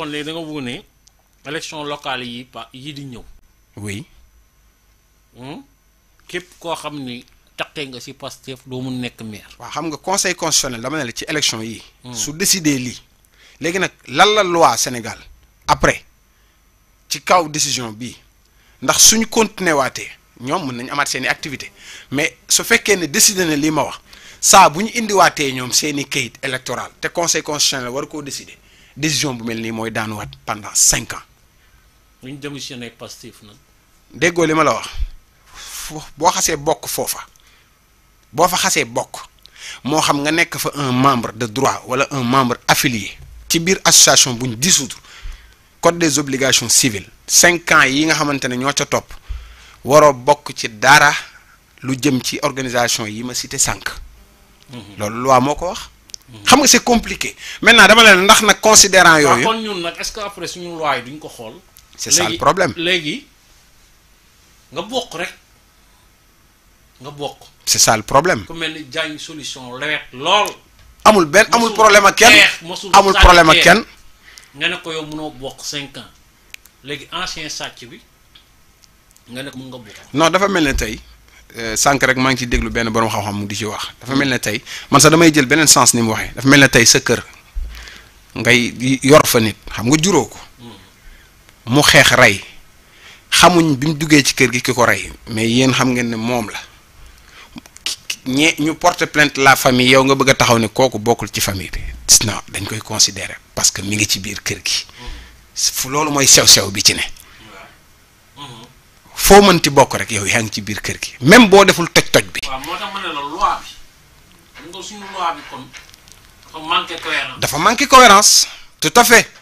kon léegi da nga bëgg ne élection locale yi pa yi di ñëw. oui. Hmm? képp koo xam ni taqee nga ci Pastef doo mun nekk maire. waaw xam nga conseil constitutionnel dama ne la ci élection yi. Hmm. su décidé lii. léegi nag lan la loi Sénégal. après ci kaw décision bii ndax suñu continuer waatee ñoom mën nañu amaat seen i activité mais su fekkee ne décidé na lii ma wax saa bu ñu indiwaatee ñoom seen i kayit électoral te conseil constitutionnel war koo décider décision bu melni moy mooy wat pendant 5 ans. ñu démissionné Pastef nag. déggo li ma la wax bo xasse bok fofa bo fa xasse bok mo xam nga nekk fa un membre de droit wala un membre affilié. ci biir association bu ñu dissoudre code des obligations civiles 5 ans yi nga xamantene ño ca top waro bok ci dara lu jëm ci organisation yi ma cité sànq. Mhm. loolu loi moko wax xam nga c'est compliqué maintenant dama leen ndax nag considérant yooyu. kon ñun nag est-ce que après suñu loi yi duñ ko xool. c'est ça le problème léegi nga bokk rek nga bokk. c'est ça le problème. ku mel ni jaay solution lewet lool. amul benn amul problème ak kenn amul problème ak kenn. nga ne ko yow mënoo bokk 5 ans léegi ancien sàcc bi nga ne ko mën nga bokk. non dafa mel ne tey. Euh, sànq rek maa ngi ciy déglu benn borom xam-xam mu di ci wax dafa mel na tey man sax damay jël beneen sens ni mu waxee dafa mel ne tey sa kër ngay yor fa nit xam nga juróo ko mu xeex rey xamuñ bi mu duggee ci kër gi ki ko rey mais yéen xam ngeen ne moom la ñee ñu porte plainte la famille yow nga bëgg a taxaw ne kooku bokkul ci famille bi non dañ koy considérer parce que mi ngi ci biir kër gi loolu mooy sew-sew bi ci ne foo mënti bokk rek yow yaa ngi ci biir kër gi même boo deful toj-toj bi. ma ne dafa manqué cohérence. dafa manqué cohérence tout à fait.